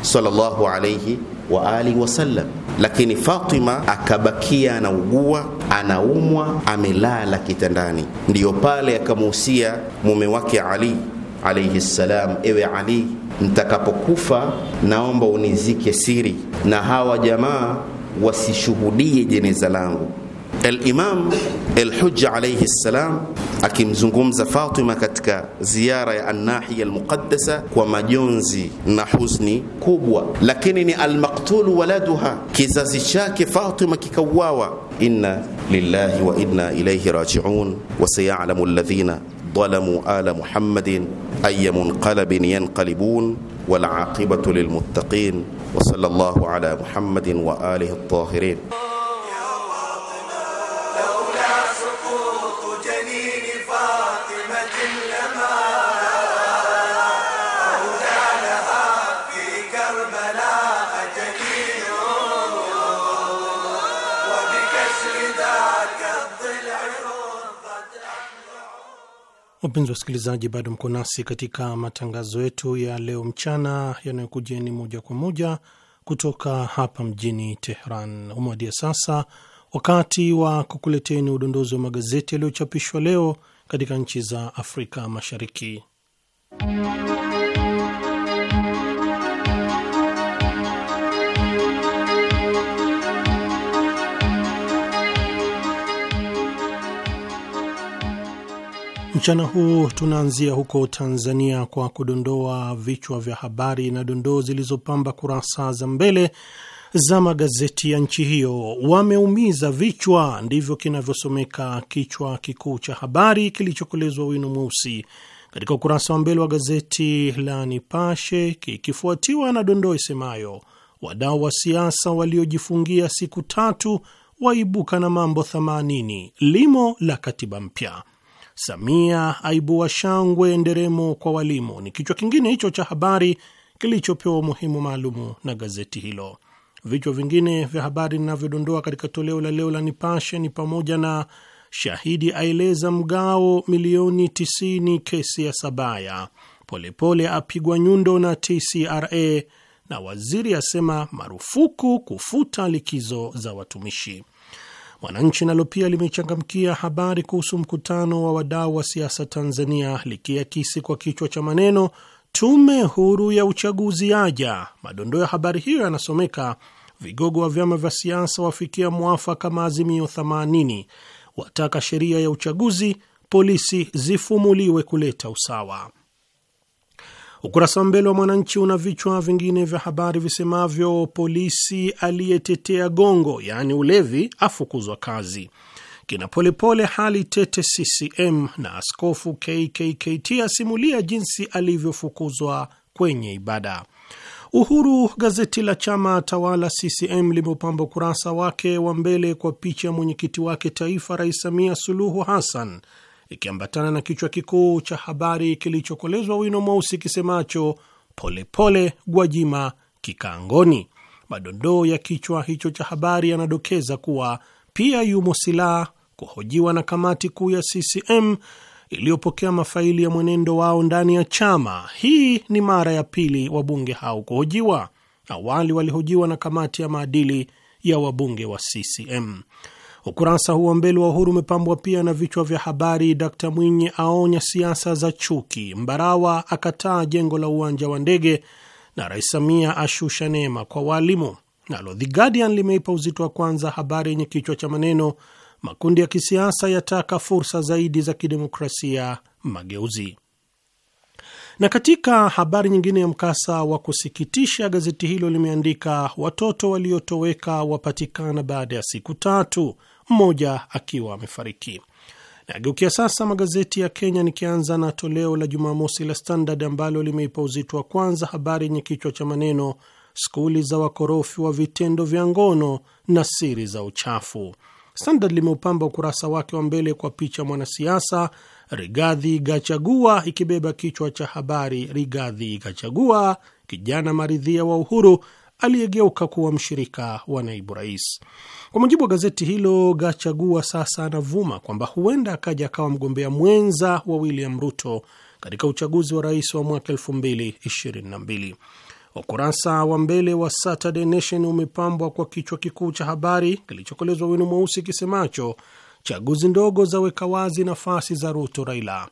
sallallahu alayhi wa alihi wasallam, lakini Fatima akabakia anaugua, anaumwa, amelala kitandani. Ndiyo pale akamuhusia mume wake Ali alaihi salam, ewe Ali, mtakapokufa naomba unizike siri na hawa jamaa wasishuhudie jeneza langu. الامام الحج عليه السلام اكيم زنغومزا فاطمه كاتكا زياره الناحيه المقدسه وما جونزي نحزني كبوة لكنني المقتول ولدها كزازي شاك فاطمه كيكواوا انا لله وانا اليه راجعون وسيعلم الذين ظلموا ال محمد اي منقلب ينقلبون والعاقبه للمتقين وصلى الله على محمد واله الطاهرين Wapenzi wasikilizaji, bado mko nasi katika matangazo yetu ya leo mchana yanayokujeni moja kwa moja kutoka hapa mjini Tehran. Umewadia sasa wakati wa kukuleteni udondozi wa magazeti yaliyochapishwa leo katika nchi za Afrika Mashariki. Mchana huu tunaanzia huko Tanzania kwa kudondoa vichwa vya habari na dondoo zilizopamba kurasa za mbele za magazeti ya nchi hiyo. Wameumiza vichwa, ndivyo kinavyosomeka kichwa kikuu cha habari kilichokolezwa wino mweusi katika ukurasa wa mbele wa gazeti la Nipashe, kikifuatiwa na dondoo isemayo wadau wa siasa waliojifungia siku tatu waibuka na mambo 80 limo la katiba mpya. Samia aibua shangwe nderemo kwa walimu ni kichwa kingine hicho cha habari kilichopewa umuhimu maalumu na gazeti hilo. Vichwa vingine vya habari ninavyodondoa katika toleo la leo la Nipashe ni pamoja na shahidi aeleza mgao milioni 90 kesi ya Sabaya, Polepole apigwa nyundo na TCRA na waziri asema marufuku kufuta likizo za watumishi. Mwananchi nalo pia limechangamkia habari kuhusu mkutano wa wadau wa siasa Tanzania, likiakisi kwa kichwa cha maneno Tume Huru ya Uchaguzi yaja. Madondoo ya habari hiyo yanasomeka: vigogo wa vyama vya siasa wafikia mwafaka maazimio 80, wataka sheria ya uchaguzi, polisi zifumuliwe kuleta usawa. Ukurasa wa mbele wa Mwananchi una vichwa vingine vya habari visemavyo: polisi aliyetetea gongo yaani ulevi afukuzwa kazi, kina Polepole hali tete CCM, na askofu KKKT asimulia jinsi alivyofukuzwa kwenye ibada. Uhuru, gazeti la chama tawala CCM, limeupamba ukurasa wake wa mbele kwa picha ya mwenyekiti wake taifa, Rais Samia Suluhu Hassan likiambatana na kichwa kikuu cha habari kilichokolezwa wino mweusi kisemacho polepole Gwajima kikaangoni. Madondoo ya kichwa hicho cha habari yanadokeza kuwa pia yumo silaha kuhojiwa na kamati kuu ya CCM iliyopokea mafaili ya mwenendo wao ndani ya chama. Hii ni mara ya pili wabunge hao kuhojiwa. Awali walihojiwa na kamati ya maadili ya wabunge wa CCM. Ukurasa huo mbele wa Uhuru umepambwa pia na vichwa vya habari: Dkt Mwinyi aonya siasa za chuki, Mbarawa akataa jengo la uwanja wa ndege, na Rais Samia ashusha neema kwa waalimu. Nalo The Guardian limeipa uzito wa kwanza habari yenye kichwa cha maneno makundi ya kisiasa yataka fursa zaidi za kidemokrasia mageuzi. Na katika habari nyingine ya mkasa wa kusikitisha, gazeti hilo limeandika watoto waliotoweka wapatikana baada ya siku tatu mmoja akiwa amefariki. Nageukia sasa magazeti ya Kenya, nikianza na toleo la Jumamosi la Standard ambalo limeipa uzito wa kwanza habari yenye kichwa cha maneno skuli za wakorofi wa vitendo vya ngono na siri za uchafu. Standard limeupamba ukurasa wake wa mbele kwa picha mwanasiasa Rigathi Gachagua ikibeba kichwa cha habari, Rigathi Gachagua kijana maridhia wa Uhuru aliyegeuka kuwa mshirika wa naibu rais. Kwa mujibu wa gazeti hilo, Gachagua sasa anavuma kwamba huenda akaja akawa mgombea mwenza wa William Ruto katika uchaguzi wa rais wa mwaka 2022. Ukurasa wa mbele wa Saturday Nation umepambwa kwa kichwa kikuu cha habari kilichokolezwa wino mweusi kisemacho chaguzi ndogo za weka wazi nafasi za Ruto Raila.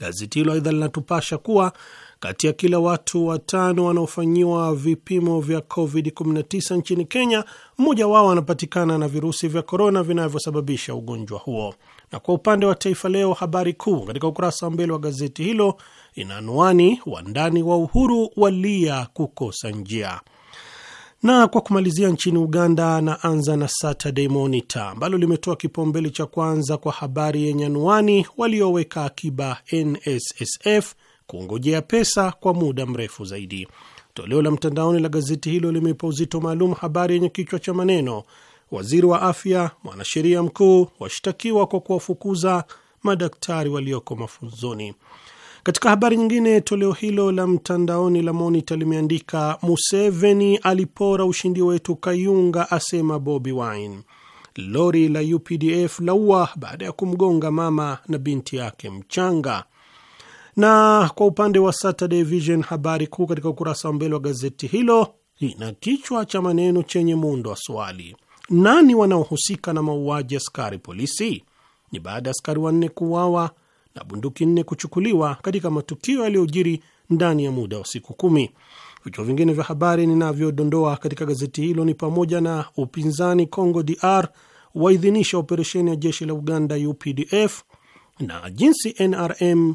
Gazeti hilo aidha linatupasha kuwa kati ya kila watu watano wanaofanyiwa vipimo vya COVID-19 nchini Kenya, mmoja wao anapatikana na virusi vya korona vinavyosababisha ugonjwa huo. Na kwa upande wa Taifa Leo, habari kuu katika ukurasa wa mbele wa gazeti hilo ina anwani wandani wa Uhuru walia kukosa njia na kwa kumalizia nchini Uganda, na anza na Saturday Monitor ambalo limetoa kipaumbele cha kwanza kwa habari yenye anuani walioweka akiba NSSF kungojea pesa kwa muda mrefu zaidi. Toleo la mtandaoni la gazeti hilo limeipa uzito maalum habari yenye kichwa cha maneno, waziri wa afya, mwanasheria mkuu washtakiwa kwa kuwafukuza madaktari walioko mafunzoni. Katika habari nyingine, toleo hilo la mtandaoni la Monita limeandika Museveni alipora ushindi wetu Kayunga, asema Bobi Wine. Lori la UPDF laua baada ya kumgonga mama na binti yake mchanga. Na kwa upande wa Saturday Vision, habari kuu katika ukurasa wa mbele wa gazeti hilo ina kichwa cha maneno chenye muundo wa swali: nani wanaohusika na mauaji ya askari polisi? Ni baada ya askari wanne kuuawa na bunduki nne kuchukuliwa katika matukio yaliyojiri ndani ya muda wa siku kumi. Vichwa vingine vya habari ninavyodondoa katika gazeti hilo ni pamoja na upinzani Congo DR waidhinisha operesheni ya jeshi la Uganda UPDF na jinsi NRM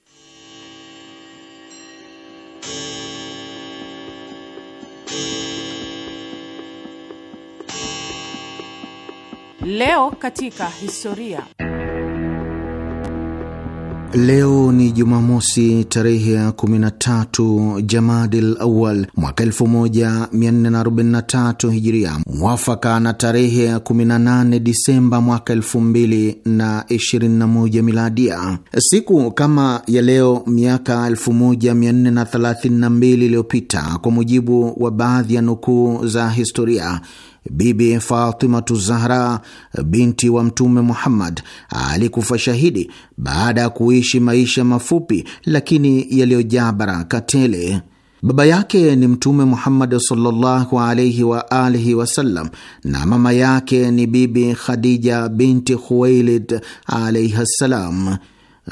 Leo katika historia. Leo ni Jumamosi tarehe ya 13 Jamadil Awal mwaka 1443 Hijiria, mwafaka na tarehe ya 18 Disemba mwaka 2021 Miladia. Siku kama ya leo miaka 1432 iliyopita, kwa mujibu wa baadhi ya nukuu za historia Bibi Fatimatu Zahra binti wa Mtume Muhammad alikufa shahidi baada ya kuishi maisha mafupi lakini yaliyojaa baraka tele. Baba yake ni Mtume Muhammad sallallahu alaihi wa alihi wasallam, na mama yake ni Bibi Khadija binti Khuwailid alaihi ssalam.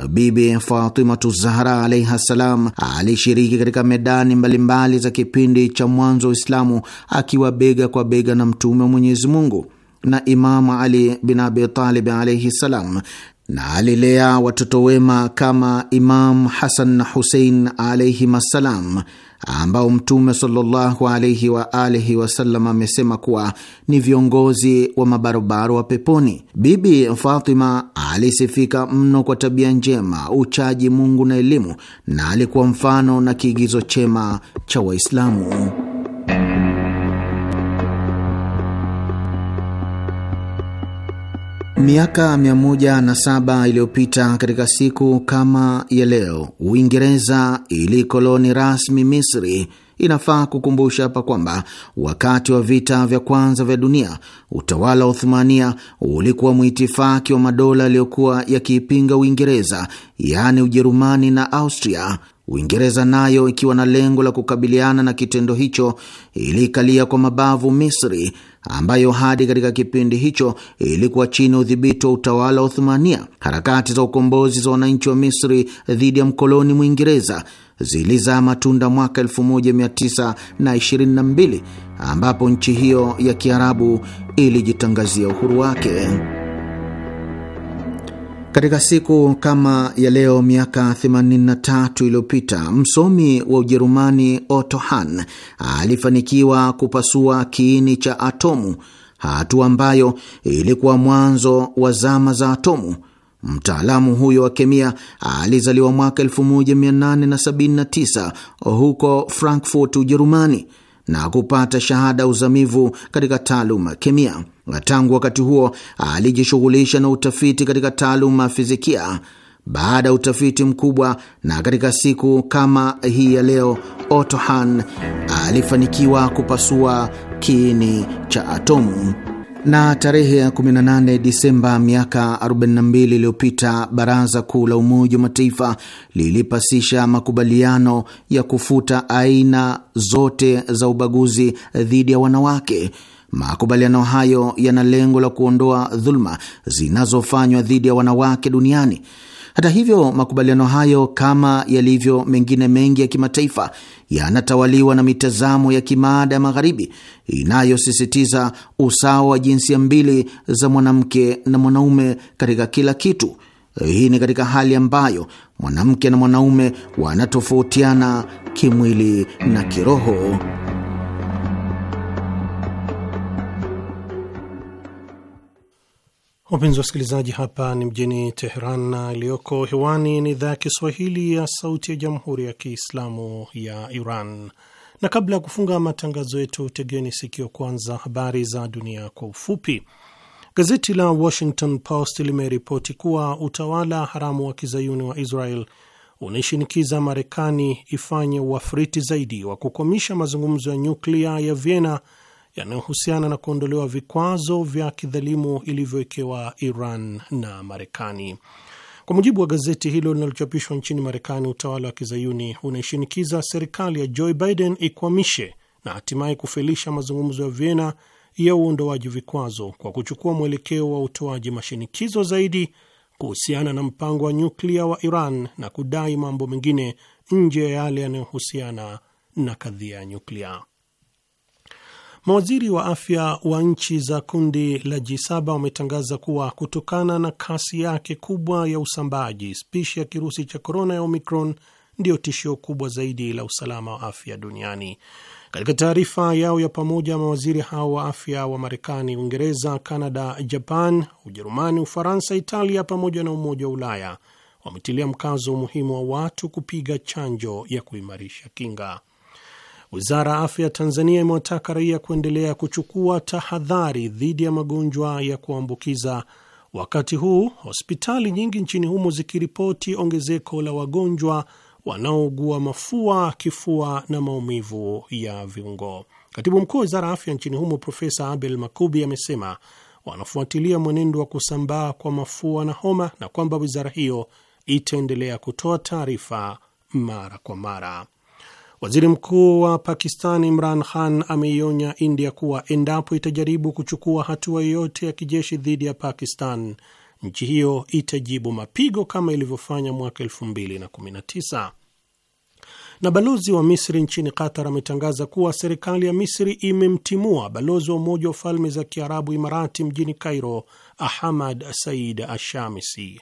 Bibi Fatimatu Zahra alaihi ssalam alishiriki katika medani mbalimbali za kipindi cha mwanzo wa Uislamu akiwa bega kwa bega na Mtume wa Mwenyezi Mungu na Imamu Ali bin Abitalib alaihi ssalam, na alilea watoto wema kama Imam Hasan na Husein alaihim assalam ambao Mtume sallallahu alaihi wa alihi wasallam amesema kuwa ni viongozi wa mabarobaro wa peponi. Bibi Fatima alisifika mno kwa tabia njema, uchaji Mungu na elimu, na alikuwa mfano na kiigizo chema cha Waislamu. Miaka 107 iliyopita katika siku kama ya leo, Uingereza ilikoloni rasmi Misri. Inafaa kukumbusha hapa kwamba wakati wa vita vya kwanza vya dunia utawala wa Uthumania ulikuwa mwitifaki wa madola yaliyokuwa yakiipinga Uingereza, yaani Ujerumani na Austria. Uingereza nayo ikiwa na lengo la kukabiliana na kitendo hicho, iliikalia kwa mabavu Misri ambayo hadi katika kipindi hicho ilikuwa chini ya udhibiti wa utawala wa Uthumania. Harakati za ukombozi za wananchi wa Misri dhidi ya mkoloni Mwingereza zilizaa matunda mwaka 1922 ambapo nchi hiyo ya Kiarabu ilijitangazia uhuru wake. Katika siku kama ya leo miaka 83 iliyopita msomi wa Ujerumani Otto Hahn alifanikiwa kupasua kiini cha atomu, hatua ambayo ilikuwa mwanzo wa zama za atomu. Mtaalamu huyo wa kemia alizaliwa mwaka 1879 huko Frankfurt, Ujerumani, na kupata shahada uzamivu katika taaluma kemia na tangu wakati huo alijishughulisha na utafiti katika taaluma ya fizikia. Baada ya utafiti mkubwa na katika siku kama hii ya leo, Otto Hahn alifanikiwa kupasua kiini cha atomu. Na tarehe ya 18 Disemba miaka 42 iliyopita, Baraza Kuu la Umoja wa Mataifa lilipasisha makubaliano ya kufuta aina zote za ubaguzi dhidi ya wanawake Makubaliano hayo yana lengo la kuondoa dhuluma zinazofanywa dhidi ya wanawake duniani. Hata hivyo, makubaliano hayo kama yalivyo mengine mengi ya kimataifa yanatawaliwa na mitazamo ya kimaada ya Magharibi inayosisitiza usawa wa jinsia mbili za mwanamke na mwanaume katika kila kitu. Hii ni katika hali ambayo mwanamke na mwanaume wanatofautiana kimwili na kiroho. Wapenzi wasikilizaji, hapa ni mjini Teheran na iliyoko hewani ni idhaa ya Kiswahili ya Sauti ya Jamhuri ya Kiislamu ya Iran. Na kabla ya kufunga matangazo yetu, tegeni sikio kwanza habari za dunia kwa ufupi. Gazeti la Washington Post limeripoti kuwa utawala haramu wa kizayuni wa Israel unaishinikiza Marekani ifanye uafriti zaidi wa kukomisha mazungumzo ya nyuklia ya Vienna yanayohusiana na kuondolewa vikwazo vya kidhalimu ilivyowekewa Iran na Marekani. Kwa mujibu wa gazeti hilo linalochapishwa nchini Marekani, utawala wa kizayuni unaishinikiza serikali ya Joe Biden ikwamishe na hatimaye kufelisha mazungumzo ya Vienna ya uondoaji vikwazo kwa kuchukua mwelekeo wa utoaji mashinikizo zaidi kuhusiana na mpango wa nyuklia wa Iran na kudai mambo mengine nje ya yale yanayohusiana na kadhia ya nyuklia. Mawaziri wa afya wa nchi za kundi la G7 wametangaza kuwa kutokana na kasi yake kubwa ya usambaaji, spishi ya kirusi cha korona ya Omicron ndiyo tishio kubwa zaidi la usalama wa afya duniani. Katika taarifa yao ya pamoja, mawaziri hao wa afya wa Marekani, Uingereza, Kanada, Japan, Ujerumani, Ufaransa, Italia pamoja na Umoja wa Ulaya wametilia mkazo umuhimu wa watu kupiga chanjo ya kuimarisha kinga. Wizara ya afya Tanzania imewataka raia kuendelea kuchukua tahadhari dhidi ya magonjwa ya kuambukiza, wakati huu hospitali nyingi nchini humo zikiripoti ongezeko la wagonjwa wanaougua mafua, kifua na maumivu ya viungo. Katibu mkuu wa wizara ya afya nchini humo Profesa Abel Makubi amesema wanafuatilia mwenendo wa kusambaa kwa mafua na homa na kwamba wizara hiyo itaendelea kutoa taarifa mara kwa mara. Waziri mkuu wa Pakistan Imran Khan ameionya India kuwa endapo itajaribu kuchukua hatua yoyote ya kijeshi dhidi ya Pakistan, nchi hiyo itajibu mapigo kama ilivyofanya mwaka 2019. Na balozi wa Misri nchini Qatar ametangaza kuwa serikali ya Misri imemtimua balozi wa Umoja wa Falme za Kiarabu Imarati mjini Cairo, Ahmad Said Ashamisi.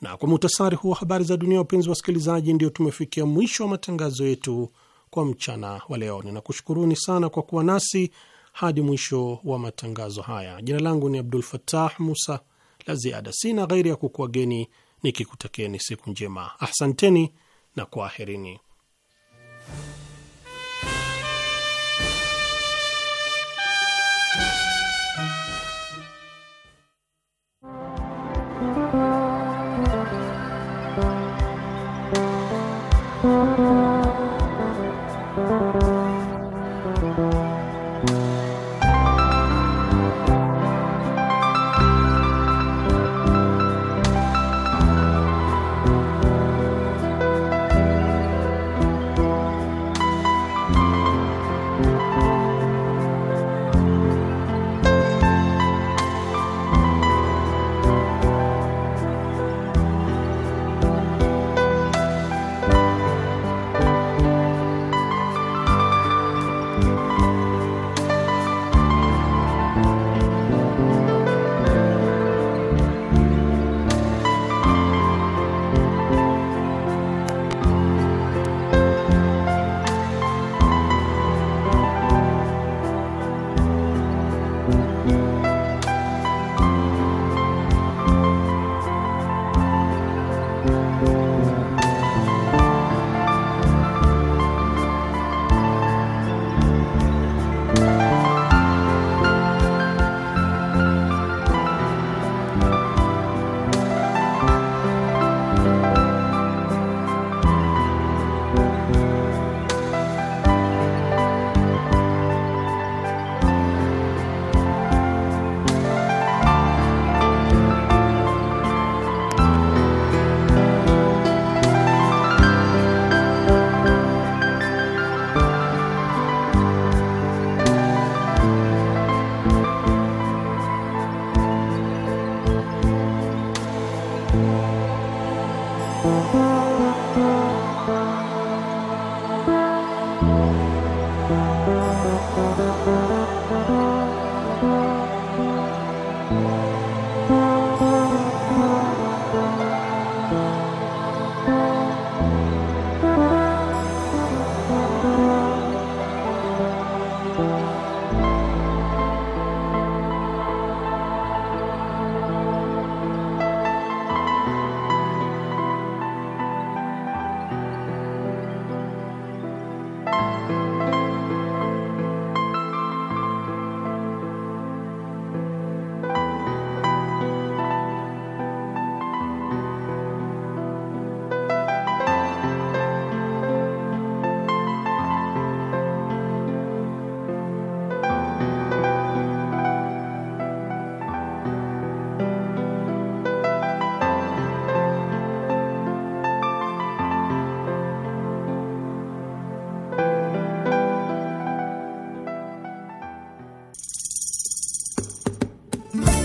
Na kwa muhtasari huu wa habari za dunia, wapenzi wasikilizaji, ndio tumefikia mwisho wa matangazo yetu kwa mchana wa leo. Ninakushukuruni sana kwa kuwa nasi hadi mwisho wa matangazo haya. Jina langu ni Abdul fatah Musa. La ziada sina ghairi ya kukuageni nikikutakeni siku njema. Ahsanteni na kwaherini.